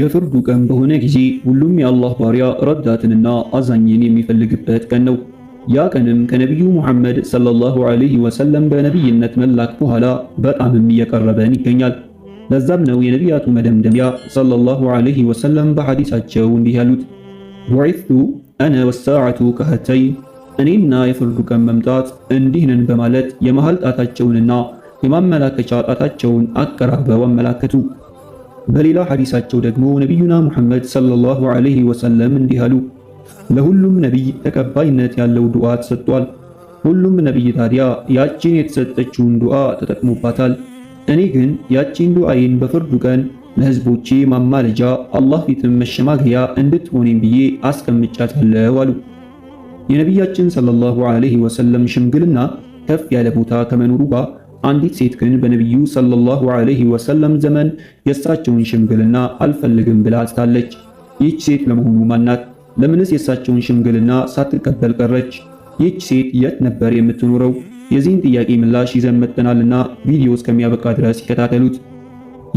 የፍርዱ ቀን በሆነ ጊዜ ሁሉም የአላህ ባሪያ ረዳትንና አዛኝን የሚፈልግበት ቀን ነው። ያ ቀንም ከነቢዩ ሙሐመድ ሰለላሁ ዐለይሂ ወሰለም በነቢይነት መላክ በኋላ በጣምም እየቀረበን ይገኛል። ለዛም ነው የነቢያቱ መደምደሚያ ሰለላሁ ዐለይሂ ወሰለም በሐዲሳቸው እንዲህ ያሉት ቡዒቱ አነ ወሳዓቱ ከሀተይ፣ እኔና የፍርዱ ቀን መምጣት እንዲህንን በማለት የመሃል ጣታቸውንና የማመላከቻ ጣታቸውን አቀራርበው አመላከቱ። በሌላ ሐዲሳቸው ደግሞ ነቢዩና ሙሐመድ ሰለላሁ ዐለይሂ ወሰለም እንዲህ አሉ፣ ለሁሉም ነቢይ ተቀባይነት ያለው ዱዓ ተሰጥቷል። ሁሉም ነቢይ ታዲያ ያቺን የተሰጠችውን ዱዓ ተጠቅሞባታል። እኔ ግን ያቺን ዱዓዬን በፍርዱ ቀን ለሕዝቦቼ ማማለጃ አላህ ፊትም መሸማገያ እንድትሆኔም ብዬ አስቀምጫታለሁ አሉ። የነቢያችን ሰለላሁ ዐለይሂ ወሰለም ሽምግልና ከፍ ያለ ቦታ ከመኖሩ ጋር አንዲት ሴት ግን በነቢዩ ሰለላሁ ዐለይሂ ወሰለም ዘመን የእሳቸውን ሽምግልና አልፈልግም ብላ አጽታለች። ይህች ሴት ለመሆኑ ማናት? ለምንስ የእሳቸውን ሽምግልና ሳትቀበል ቀረች? ይህች ሴት የት ነበር የምትኖረው? የዚህን ጥያቄ ምላሽ ይዘን መጥተናልና ቪዲዮ እስከሚያበቃ ድረስ ይከታተሉት።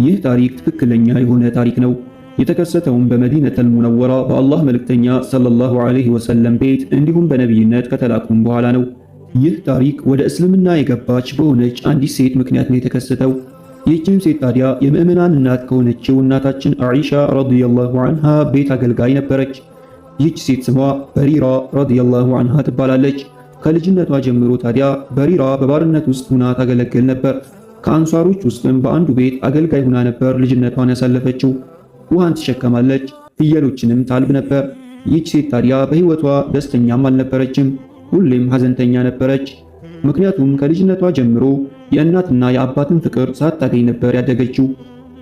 ይህ ታሪክ ትክክለኛ የሆነ ታሪክ ነው። የተከሰተውም በመዲነተል ሙነወራ በአላህ መልእክተኛ ሰለላሁ ዐለይሂ ወሰለም ቤት እንዲሁም በነቢይነት ከተላኩም በኋላ ነው። ይህ ታሪክ ወደ እስልምና የገባች በሆነች አንዲት ሴት ምክንያት ነው የተከሰተው። ይህችም ሴት ታዲያ የምእመናን እናት ከሆነችው እናታችን አኢሻ ረዲየላሁ አንሃ ቤት አገልጋይ ነበረች። ይህች ሴት ስሟ በሪራ ረዲየላሁ አንሃ ትባላለች። ከልጅነቷ ጀምሮ ታዲያ በሪራ በባርነት ውስጥ ሁና ታገለግል ነበር። ከአንሷሮች ውስጥም በአንዱ ቤት አገልጋይ ሁና ነበር ልጅነቷን ያሳለፈችው። ውሃን ትሸከማለች፣ ፍየሎችንም ታልብ ነበር። ይህች ሴት ታዲያ በሕይወቷ ደስተኛም አልነበረችም። ሁሌም ሐዘንተኛ ነበረች። ምክንያቱም ከልጅነቷ ጀምሮ የእናትና የአባትን ፍቅር ሳታገኝ ነበር ያደገችው።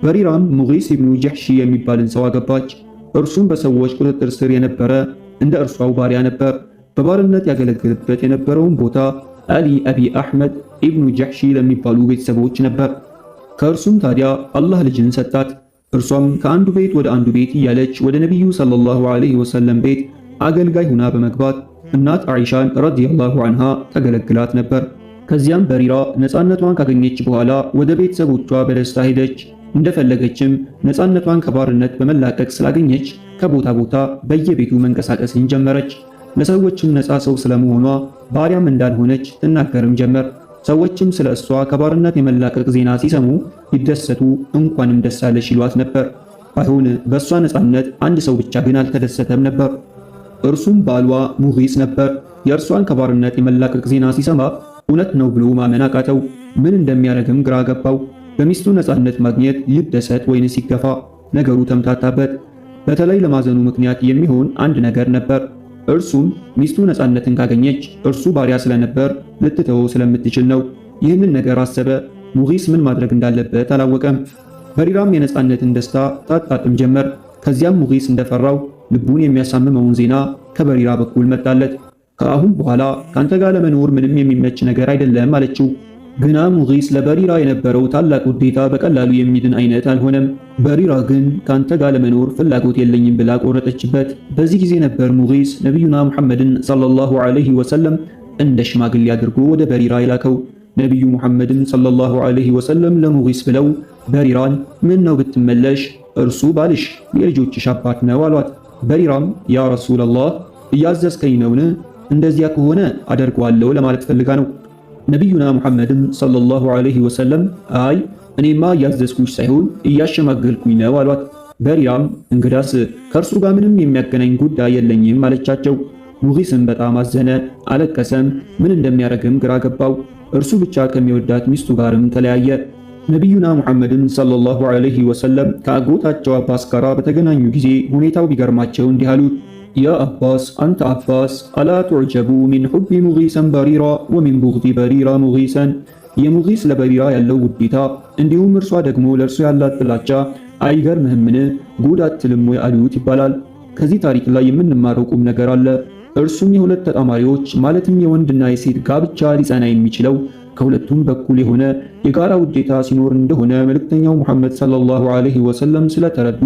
በሪራም ሙጊስ ኢብኑ ጀሕሺ የሚባልን ሰው አገባች። እርሱም በሰዎች ቁጥጥር ስር የነበረ እንደ እርሷው ባሪያ ነበር። በባርነት ያገለግልበት የነበረውን ቦታ አሊ አቢ አሕመድ ኢብኑ ጀሕሺ ለሚባሉ ቤተሰቦች ነበር። ከእርሱም ታዲያ አላህ ልጅን ሰጣት። እርሷም ከአንዱ ቤት ወደ አንዱ ቤት እያለች ወደ ነቢዩ ሰለላሁ ዐለይሂ ወሰለም ቤት አገልጋይ ሁና በመግባት እናት አይሻን ረዲየላሁ አንሃ ተገለግላት ነበር። ከዚያም በሪራ ነፃነቷን ካገኘች በኋላ ወደ ቤተሰቦቿ በደስታ ሄደች። እንደፈለገችም ነፃነቷን ከባርነት በመላቀቅ ስላገኘች ከቦታ ቦታ በየቤቱ መንቀሳቀስን ጀመረች። ለሰዎችም ነፃ ሰው ስለመሆኗ ባሪያም እንዳልሆነች ትናገርም ጀመር። ሰዎችም ስለ እሷ ከባርነት የመላቀቅ ዜና ሲሰሙ ይደሰቱ፣ እንኳንም ደስ አለሽ ይሏት ነበር። ባይሆን በእሷ ነፃነት አንድ ሰው ብቻ ግን አልተደሰተም ነበር። እርሱም ባሏ ሙጊስ ነበር። የእርሷን ከባርነት የመላቀቅ ዜና ሲሰማ እውነት ነው ብሎ ማመን አቃተው። ምን እንደሚያደርግም ግራ ገባው። በሚስቱ ነፃነት ማግኘት ይደሰት ወይንስ ይገፋ? ነገሩ ተምታታበት። በተለይ ለማዘኑ ምክንያት የሚሆን አንድ ነገር ነበር። እርሱም ሚስቱ ነፃነትን ካገኘች እርሱ ባሪያ ስለነበር ልትተው ስለምትችል ነው። ይህንን ነገር አሰበ። ሙጊስ ምን ማድረግ እንዳለበት አላወቀም። በሪራም የነፃነትን ደስታ ታጣጥም ጀመር። ከዚያም ሙጊስ እንደፈራው ልቡን የሚያሳምመውን ዜና ከበሪራ በኩል መጣለት። ከአሁን በኋላ ካንተ ጋር ለመኖር ምንም የሚመች ነገር አይደለም አለችው። ግና ሙጊስ ለበሪራ የነበረው ታላቅ ውዴታ በቀላሉ የሚድን አይነት አልሆነም። በሪራ ግን ካንተ ጋር ለመኖር ፍላጎት የለኝም ብላ ቆረጠችበት። በዚህ ጊዜ ነበር ሙጊስ ነቢዩና ሙሐመድን ሰለላሁ ዐለይሂ ወሰለም እንደ ሽማግሌ አድርጎ ወደ በሪራ ይላከው። ነቢዩ ሙሐመድን ሰለላሁ ዐለይሂ ወሰለም ለሙጊስ ብለው በሪራን ምን ነው ብትመለሽ፣ እርሱ ባልሽ የልጆችሽ አባት ነው አሏት። በሪራም ያ ረሱላላህ እያዘዝከኝ ነውን? እንደዚያ ከሆነ አደርገዋለሁ ለማለት ፈልጋ ነው። ነቢዩና ሙሐመድም ሰለላሁ ዐለይሂ ወሰለም አይ እኔማ እያዘዝኩሽ ሳይሆን እያሸማገልኩኝ ነው አሏት። በሪራም እንግዳስ ከእርሱ ጋር ምንም የሚያገናኝ ጉዳይ የለኝም አለቻቸው። ሙጊስም በጣም አዘነ፣ አለቀሰም። ምን እንደሚያደርግም ግራ ገባው። እርሱ ብቻ ከሚወዳት ሚስቱ ጋርም ተለያየ። ነቢዩና ሙሐመድን ሰለላሁ ዐለይሂ ወሰለም ከአጎታቸው አባስ ጋር በተገናኙ ጊዜ ሁኔታው ቢገርማቸው እንዲህ አሉት፣ ያ አባስ አንተ አባስ አላ ቱዕጀቡ ሚን ሑቢ ሙጊሰን በሪራ ወሚን ቡግዲ በሪራ ሙጊሰን፣ የሙጊስ ለበሪራ ያለው ውዴታ እንዲሁም እርሷ ደግሞ ለእርሱ ያላት ጥላቻ አይገርምህምን? ጉድ አትልም ወይ አሉት ይባላል። ከዚህ ታሪክ ላይ የምንማረው ቁም ነገር አለ። እርሱም የሁለት ተጣማሪዎች ማለትም የወንድና የሴት ጋብቻ ሊጸና የሚችለው ከሁለቱም በኩል የሆነ የጋራ ውዴታ ሲኖር እንደሆነ መልእክተኛው ሙሐመድ ሰለላሁ ዐለይሂ ወሰለም ስለተረዱ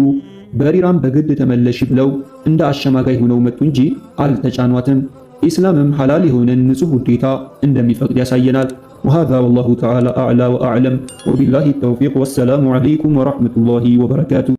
በሪራም በግድ ተመለሽ ብለው እንደ አሸማጋይ ሆነው መጡ እንጂ አልተጫኗትም። ኢስላምም ሐላል የሆነን ንጹህ ውዴታ እንደሚፈቅድ ያሳየናል። ወሃዛ ወላሁ ተዓላ አዕላ ወአዕለም ወቢላሂ ተውፊቅ ወሰላሙ ዐለይኩም ወረሕመቱላሂ ወበረካቱ።